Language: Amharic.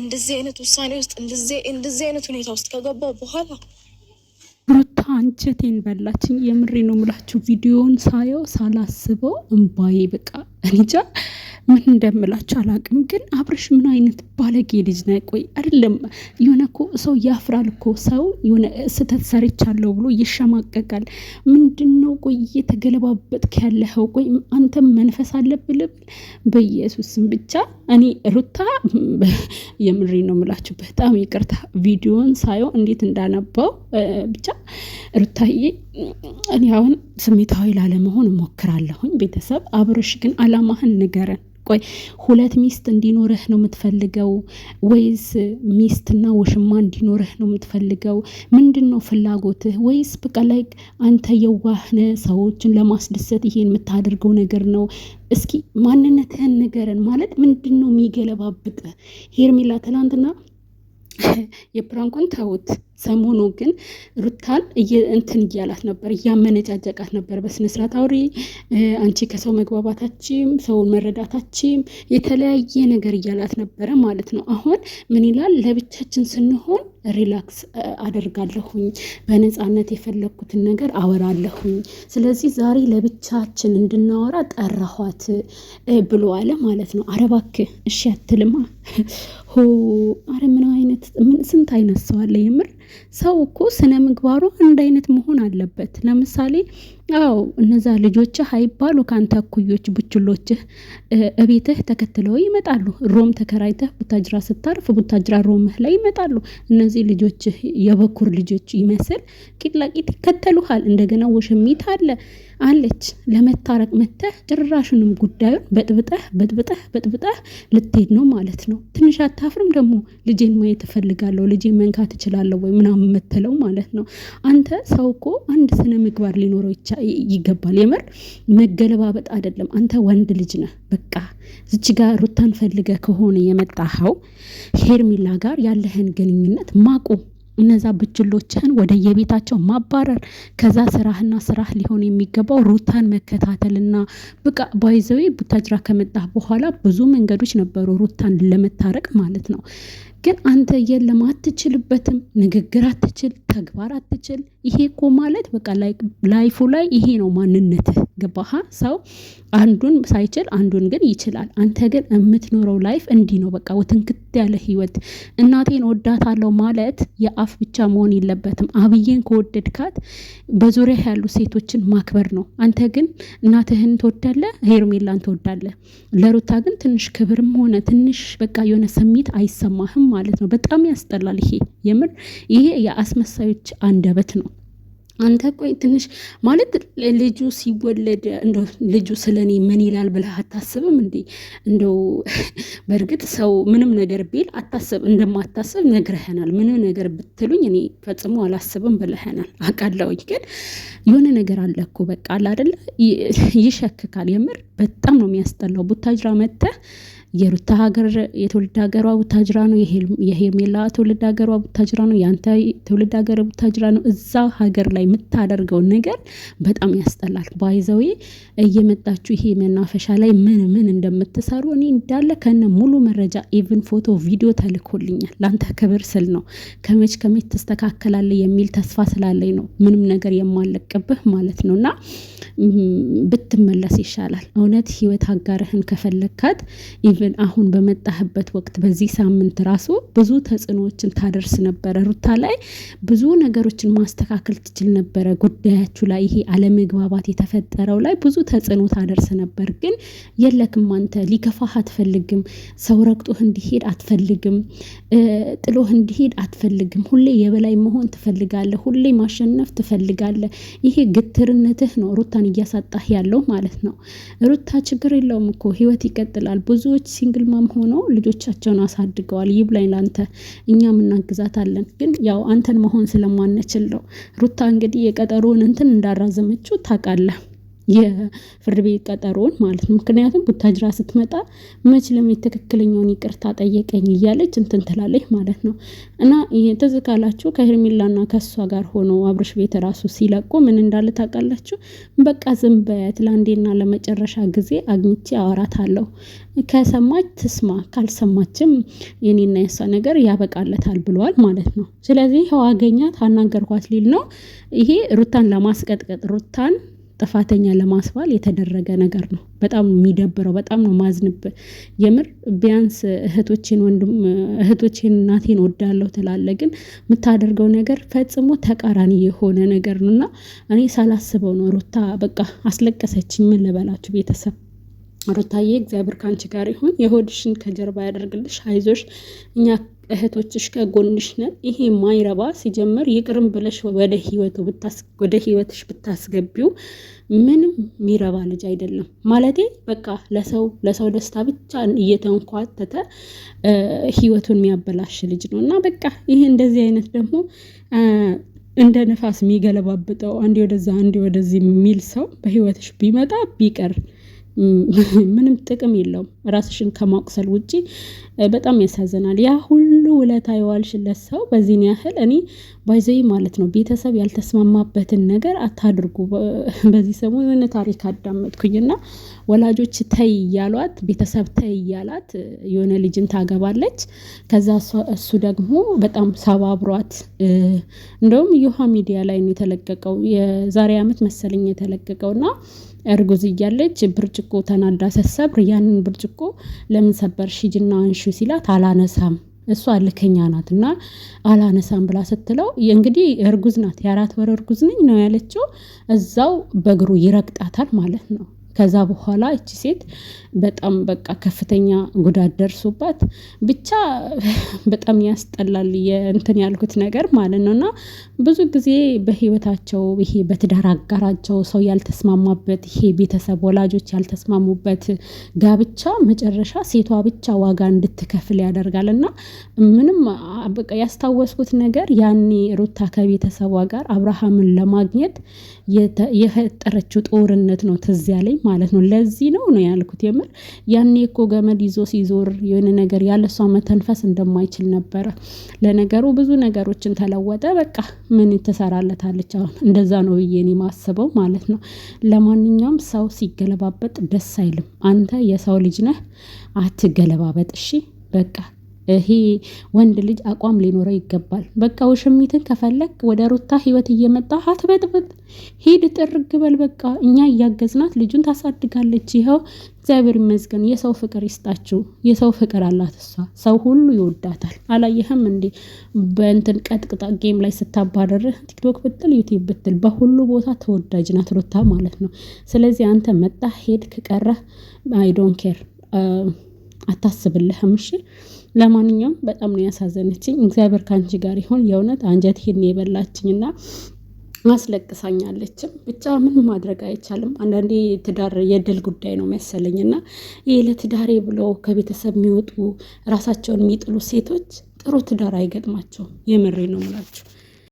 እንደዚህ አይነት ውሳኔ ውስጥ እንደዚህ አይነት ሁኔታ ውስጥ ከገባው በኋላ ሩታ አንጀቴን በላችኝ። የምሬ ነው ምላችሁ ቪዲዮውን ሳየው ሳላስበው እምባዬ በቃ እንጃ ምን እንደምላችሁ አላቅም። ግን አብርሽ ምን አይነት ባለጌ ልጅ ነ ቆይ አይደለም የሆነ እኮ ሰው ያፍራል እኮ ሰው የሆነ ስህተት ሰርቻለሁ ብሎ ይሸማቀቃል። ምንድን ነው ቆይ እየተገለባበጥክ ያለኸው? ቆይ አንተም መንፈስ አለብህ ልብል በኢየሱስም ብቻ እኔ ሩታ የምሬ ነው ምላችሁ። በጣም ይቅርታ ቪዲዮን ሳየው እንዴት እንዳነባው ብቻ ሩታዬ እኔ አሁን ስሜታዊ ላለመሆን እሞክራለሁኝ። ቤተሰብ አብርሽ ግን አላማህን ንገረን። ቆይ ሁለት ሚስት እንዲኖርህ ነው የምትፈልገው ወይስ ሚስትና ውሽማ እንዲኖርህ ነው የምትፈልገው? ምንድን ነው ፍላጎትህ? ወይስ በቃ ላይ አንተ የዋህነ ሰዎችን ለማስደሰት ይሄን የምታደርገው ነገር ነው? እስኪ ማንነትህን ንገረን። ማለት ምንድን ነው የሚገለባብጥህ? ሄርሜላ ትላንትና የፕራንኩን ተውት። ሰሞኑ ግን ሩታን እንትን እያላት ነበር፣ እያመነጫጨቃት ነበር። በስነስርዓት አውሪ አንቺ ከሰው መግባባታችም ሰውን መረዳታችም የተለያየ ነገር እያላት ነበረ ማለት ነው። አሁን ምን ይላል? ለብቻችን ስንሆን ሪላክስ አደርጋለሁኝ፣ በነፃነት የፈለግኩትን ነገር አወራለሁኝ። ስለዚህ ዛሬ ለብቻችን እንድናወራ ጠራኋት ብሎ አለ ማለት ነው። ኧረ እባክህ እሺ አትልማ ሆ። አረ ምን አይነት ምን ስንት አይነት ሰው አለ የምር ሰው እኮ ስነ ምግባሩ አንድ አይነት መሆን አለበት። ለምሳሌ አዎ እነዛ ልጆችህ አይባሉ ካንተ እኩዮች ቡችሎችህ እቤትህ ተከትለው ይመጣሉ። ሮም ተከራይተህ ቡታጅራ ስታርፍ ቡታጅራ ሮምህ ላይ ይመጣሉ። እነዚህ ልጆችህ የበኩር ልጆች ይመስል ቂጥ ለቂጥ ይከተሉሃል። እንደገና ወሸሚት አለ አለች ለመታረቅ መጥተህ ጭራሹንም ጉዳዩን በጥብጠህ በጥብጠህ በጥብጠህ ልትሄድ ነው ማለት ነው። ትንሽ አታፍርም ደግሞ ልጄን ማየት እፈልጋለሁ ልጄን መንካት እችላለሁ ወይ ምናምን የምትለው ማለት ነው። አንተ ሰው እኮ አንድ ስነ ምግባር ሊኖረው ይቻላል ይገባል። የምር መገለባበጥ አይደለም። አንተ ወንድ ልጅ ነህ። በቃ ዝች ጋር ሩታን ፈልገ ከሆነ የመጣኸው ሄርሚላ ጋር ያለህን ግንኙነት ማቁ እነዛ ብችሎችህን ወደ የቤታቸው ማባረር፣ ከዛ ስራህና ስራህ ሊሆን የሚገባው ሩታን መከታተልና ብቃ ባይዘዌ ቡታጅራ ከመጣህ በኋላ ብዙ መንገዶች ነበሩ ሩታን ለመታረቅ ማለት ነው። ግን አንተ የለም አትችልበትም፣ ንግግር አትችል፣ ተግባር አትችል። ይሄ እኮ ማለት በቃ ላይፉ ላይ ይሄ ነው ማንነትህ። ገባህ? ሰው አንዱን ሳይችል አንዱን ግን ይችላል። አንተ ግን የምትኖረው ላይፍ እንዲህ ነው በቃ ውትንክት ያለ ህይወት። እናቴን ወዳታለው ማለት የአፍ ብቻ መሆን የለበትም። አብዬን ከወደድካት በዙሪያ ያሉ ሴቶችን ማክበር ነው። አንተ ግን እናትህን ትወዳለ ሄርሜላን ትወዳለ። ለሩታ ግን ትንሽ ክብርም ሆነ ትንሽ በቃ የሆነ ስሜት አይሰማህም ማለት ነው። በጣም ያስጠላል። ይሄ የምር ይሄ የአስመሳዮች አንደበት ነው። አንተ ቆይ ትንሽ ማለት ልጁ ሲወለድ እንደ ልጁ ስለኔ ምን ይላል ብለህ አታስብም እንዴ? እንደው በእርግጥ ሰው ምንም ነገር ቢል አታስብ እንደማታስብ ነግረህናል። ምንም ነገር ብትሉኝ እኔ ፈጽሞ አላስብም ብለህናል። አቃለውኝ ግን የሆነ ነገር አለ እኮ በቃ አለ አይደለ? ይሸክካል። የምር በጣም ነው የሚያስጠላው። ቡታጅራ መጥተህ የሩታ ሀገር የትውልድ ሀገሯ ቡታጅራ ነው። የሄሜላ ትውልድ ሀገሯ ቡታጅራ ነው። የአንተ ትውልድ ሀገር ቡታጅራ ነው። እዛ ሀገር ላይ የምታደርገው ነገር በጣም ያስጠላል። ባይዘዊ እየመጣችሁ ይሄ መናፈሻ ላይ ምን ምን እንደምትሰሩ እኔ እንዳለ ከነ ሙሉ መረጃ ኢቭን ፎቶ፣ ቪዲዮ ተልኮልኛል። ለአንተ ክብር ስል ነው ከመች ከመች ተስተካከላለ የሚል ተስፋ ስላለኝ ነው ምንም ነገር የማለቅብህ ማለት ነው እና ብትመለስ ይሻላል እውነት ህይወት አጋርህን ከፈለግካት ኢቨን አሁን በመጣህበት ወቅት በዚህ ሳምንት ራሱ ብዙ ተጽዕኖዎችን ታደርስ ነበረ ሩታ ላይ ብዙ ነገሮችን ማስተካከል ትችል ነበረ። ጉዳያችሁ ላይ ይሄ አለመግባባት የተፈጠረው ላይ ብዙ ተጽዕኖ ታደርስ ነበር፣ ግን የለክም አንተ ሊከፋህ አትፈልግም። ሰው ረግጦህ እንዲሄድ አትፈልግም። ጥሎህ እንዲሄድ አትፈልግም። ሁሌ የበላይ መሆን ትፈልጋለህ። ሁሌ ማሸነፍ ትፈልጋለህ። ይሄ ግትርነትህ ነው ሩታን እያሳጣህ ያለው ማለት ነው። ሩታ ችግር የለውም እኮ ህይወት ይቀጥላል። ብዙዎች ሲንግል ማም ሆነው ልጆቻቸውን አሳድገዋል። ይብላኝ ላንተ፣ እኛም እናግዛታለን። ግን ያው አንተን መሆን ስለማንችል ነው። ሩታ እንግዲህ የቀጠሮውን እንትን እንዳራዘመችው ታውቃለህ። የፍርድ ቤት ቀጠሮን ማለት ነው። ምክንያቱም ቡታጅራ ስትመጣ መች ለመች ትክክለኛውን ይቅርታ ጠየቀኝ እያለች እንትን ትላለች ማለት ነው። እና ትዝ ካላችሁ ከሄርሜላና ከእሷ ጋር ሆኖ አብርሽ ቤት ራሱ ሲለቁ ምን እንዳለ ታውቃላችሁ? በቃ ዝም በያት ለአንዴና ለመጨረሻ ጊዜ አግኝቼ አወራታለሁ፣ ከሰማች ትስማ፣ ካልሰማችም የኔና የሷ ነገር ያበቃለታል ብለዋል ማለት ነው። ስለዚህ ይኸው አገኛት አናገርኳት ሊል ነው። ይሄ ሩታን ለማስቀጥቀጥ ሩታን ጥፋተኛ ለማስባል የተደረገ ነገር ነው። በጣም የሚደብረው፣ በጣም ነው ማዝንብ። የምር ቢያንስ እህቶቼን ወንድም እህቶቼን እናቴን ወዳለሁ ትላለ፣ ግን የምታደርገው ነገር ፈጽሞ ተቃራኒ የሆነ ነገር ነው እና እኔ ሳላስበው ነው ሩታ በቃ አስለቀሰችኝ። ምን ልበላችሁ ቤተሰብ ሩታዬ፣ እግዚአብሔር ከአንቺ ጋር ይሁን፣ የሆድሽን ከጀርባ ያደርግልሽ፣ አይዞሽ እኛ እህቶችሽ ከጎንሽ ነን። ይሄ ማይረባ ሲጀምር ይቅርም ብለሽ ወደ ህይወቱ ወደ ህይወትሽ ብታስገቢው ምንም ሚረባ ልጅ አይደለም። ማለቴ በቃ ለሰው ለሰው ደስታ ብቻ እየተንኳተተ ህይወቱን የሚያበላሽ ልጅ ነው እና በቃ ይሄ እንደዚህ አይነት ደግሞ እንደ ነፋስ የሚገለባብጠው አንዴ ወደዛ አንዴ ወደዚህ የሚል ሰው በህይወትሽ ቢመጣ ቢቀር ምንም ጥቅም የለውም። ራስሽን ከማቁሰል ውጪ በጣም ያሳዝናል። ያ ሁሉ ውለታ የዋልሽለት ሰው በዚህን ያህል እኔ ባይዘይ ማለት ነው። ቤተሰብ ያልተስማማበትን ነገር አታድርጉ። በዚህ ሰሞን የሆነ ታሪክ አዳመጥኩኝና ወላጆች ተይ እያሏት ቤተሰብ ተይ እያላት የሆነ ልጅን ታገባለች። ከዛ እሱ ደግሞ በጣም ሰባብሯት እንደውም የውሃ ሚዲያ ላይ ነው የተለቀቀው የዛሬ ዓመት መሰለኝ ና። እርጉዝ እያለች ብርጭቆ ተናዳ ስትሰብር ያንን ብርጭቆ ለምን ሰበርሽ ሂጂና አንሹ ሲላት አላነሳም እሷ ልከኛ ናት እና አላነሳም ብላ ስትለው እንግዲህ እርጉዝ ናት የአራት ወር እርጉዝ ነኝ ነው ያለችው። እዛው በእግሩ ይረግጣታል ማለት ነው። ከዛ በኋላ እቺ ሴት በጣም በቃ ከፍተኛ ጉዳት ደርሶባት ብቻ በጣም ያስጠላል። የእንትን ያልኩት ነገር ማለት ነው። እና ብዙ ጊዜ በህይወታቸው ይሄ በትዳር አጋራቸው ሰው ያልተስማማበት ይሄ ቤተሰብ ወላጆች ያልተስማሙበት ጋብቻ መጨረሻ ሴቷ ብቻ ዋጋ እንድትከፍል ያደርጋል። እና ምንም በቃ ያስታወስኩት ነገር ያኔ ሩታ ከቤተሰቧ ጋር አብርሃምን ለማግኘት የፈጠረችው ጦርነት ነው ትዝ ያለኝ ማለት ነው። ለዚህ ነው ነው ያልኩት የምር ያኔ እኮ ገመድ ይዞ ሲዞር የሆነ ነገር ያለ እሷ መተንፈስ እንደማይችል ነበረ። ለነገሩ ብዙ ነገሮችን ተለወጠ። በቃ ምን ትሰራለታለች አሁን። እንደዛ ነው ብዬ እኔ ማስበው ማለት ነው። ለማንኛውም ሰው ሲገለባበጥ ደስ አይልም። አንተ የሰው ልጅ ነህ፣ አትገለባበጥ እሺ በቃ ይሄ ወንድ ልጅ አቋም ሊኖረው ይገባል። በቃ ውሽሚትን ከፈለግ ወደ ሩታ ህይወት እየመጣ አትበጥብጥ፣ ሂድ ጥርግ በል በቃ እኛ እያገዝናት ልጁን ታሳድጋለች። ይኸው እግዚአብሔር ይመስገን። የሰው ፍቅር ይስጣችሁ። የሰው ፍቅር አላት እሷ። ሰው ሁሉ ይወዳታል። አላየህም እንዴ? በእንትን ቀጥቅጣ ጌም ላይ ስታባረርህ ቲክቶክ ብትል ዩቲብ ብትል በሁሉ ቦታ ተወዳጅ ናት ሩታ ማለት ነው። ስለዚህ አንተ መጣ ሄድ ከቀረህ አይዶን ኬር አታስብልህም። እሺ ለማንኛውም በጣም ነው ያሳዘነችኝ። እግዚአብሔር ከአንቺ ጋር ይሆን። የእውነት አንጀት ሄድን የበላችኝና አስለቅሳኛለችም። ብቻ ምንም ማድረግ አይቻልም። አንዳንዴ ትዳር የድል ጉዳይ ነው መሰለኝ እና ይህ ለትዳሬ ብለው ከቤተሰብ የሚወጡ ራሳቸውን የሚጥሉ ሴቶች ጥሩ ትዳር አይገጥማቸውም። የምሬ ነው ምላቸው